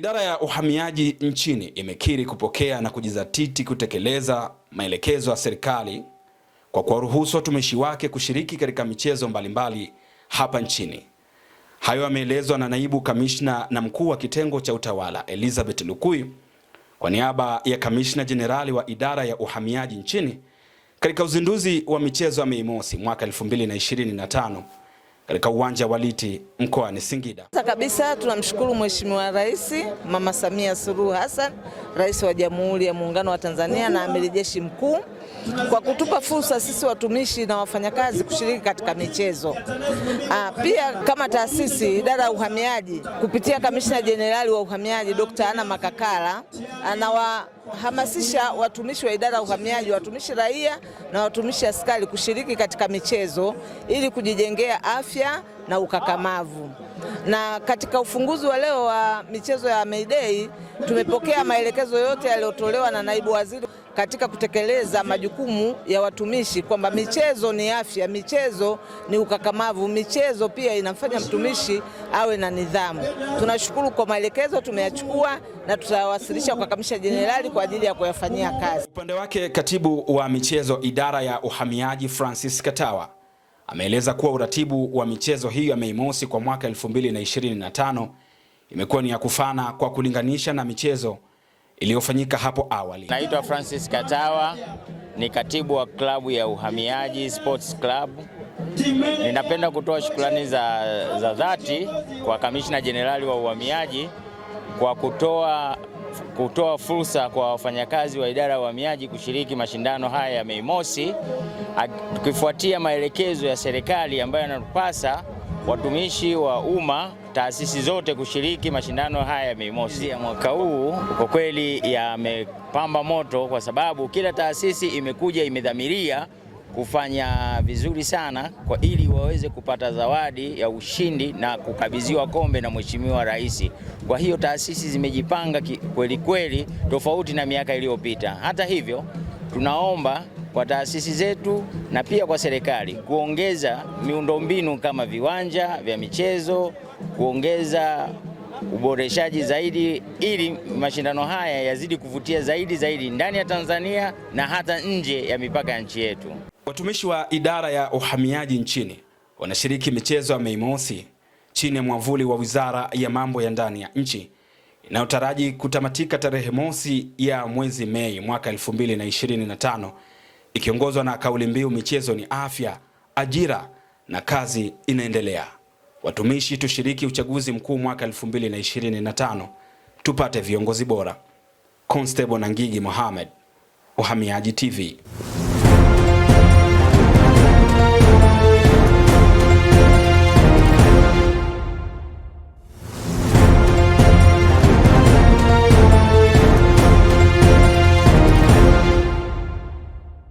Idara ya Uhamiaji nchini imekiri kupokea na kujizatiti kutekeleza maelekezo ya serikali kwa kuwaruhusu watumishi wake kushiriki katika michezo mbalimbali hapa nchini. Hayo yameelezwa na naibu kamishna na mkuu wa kitengo cha utawala Elizabeth Lukuyu kwa niaba ya kamishna jenerali wa idara ya uhamiaji nchini katika uzinduzi wa michezo ya Mei Mosi mwaka 2025 katika uwanja wa Liti mkoani Singida. Sasa kabisa tunamshukuru Mheshimiwa Rais Mama Samia Suluhu Hassan, Rais wa Jamhuri ya Muungano wa Tanzania na Amiri Jeshi Mkuu kwa kutupa fursa sisi watumishi na wafanyakazi kushiriki katika michezo. Aa, ah, pia kama taasisi idara ya uhamiaji kupitia kamishna jenerali wa uhamiaji Dr. Ana Makakala anawahamasisha watumishi wa idara ya uhamiaji, watumishi raia na watumishi askari kushiriki katika michezo ili kujijengea afya na ukakamavu. Na katika ufunguzi wa leo wa michezo ya May Day tumepokea maelekezo yote yaliyotolewa na naibu waziri katika kutekeleza majukumu ya watumishi kwamba michezo ni afya, michezo ni ukakamavu, michezo pia inamfanya mtumishi awe na nidhamu. Tunashukuru kwa maelekezo tumeyachukua na tutawasilisha kwa kamisha Jenerali kwa ajili ya kuyafanyia kazi. Upande wake, katibu wa michezo idara ya uhamiaji Francis Katawa ameeleza kuwa uratibu wa michezo hiyo ya Mei Mosi kwa mwaka 2025 imekuwa ni ya kufana kwa kulinganisha na michezo iliyofanyika hapo awali. Naitwa Francis Katawa, ni katibu wa klabu ya Uhamiaji Sports Club. Ninapenda kutoa shukrani za, za dhati kwa kamishna jenerali wa uhamiaji kwa kutoa, kutoa fursa kwa wafanyakazi wa idara ya uhamiaji kushiriki mashindano haya ya Mei Mosi, tukifuatia maelekezo ya serikali ambayo yanatupasa watumishi wa umma taasisi zote kushiriki mashindano haya ya Mei Mosi ya mwaka huu. Kwa kweli yamepamba moto, kwa sababu kila taasisi imekuja imedhamiria kufanya vizuri sana kwa ili waweze kupata zawadi ya ushindi na kukabidhiwa kombe na Mheshimiwa Rais. Kwa hiyo taasisi zimejipanga kweli kweli, tofauti na miaka iliyopita. Hata hivyo tunaomba kwa taasisi zetu na pia kwa serikali kuongeza miundombinu kama viwanja vya michezo, kuongeza uboreshaji zaidi ili mashindano haya yazidi kuvutia zaidi zaidi ndani ya Tanzania na hata nje ya mipaka ya nchi yetu. Watumishi wa idara ya uhamiaji nchini wanashiriki michezo ya Mei Mosi chini ya mwavuli wa Wizara ya Mambo ya Ndani ya Nchi inayotaraji kutamatika tarehe mosi ya mwezi Mei mwaka 2025 ikiongozwa na kauli mbiu michezo ni afya, ajira na kazi inaendelea. Watumishi tushiriki uchaguzi mkuu mwaka 2025 tupate viongozi bora. Constable Nangigi Mohamed, Uhamiaji TV.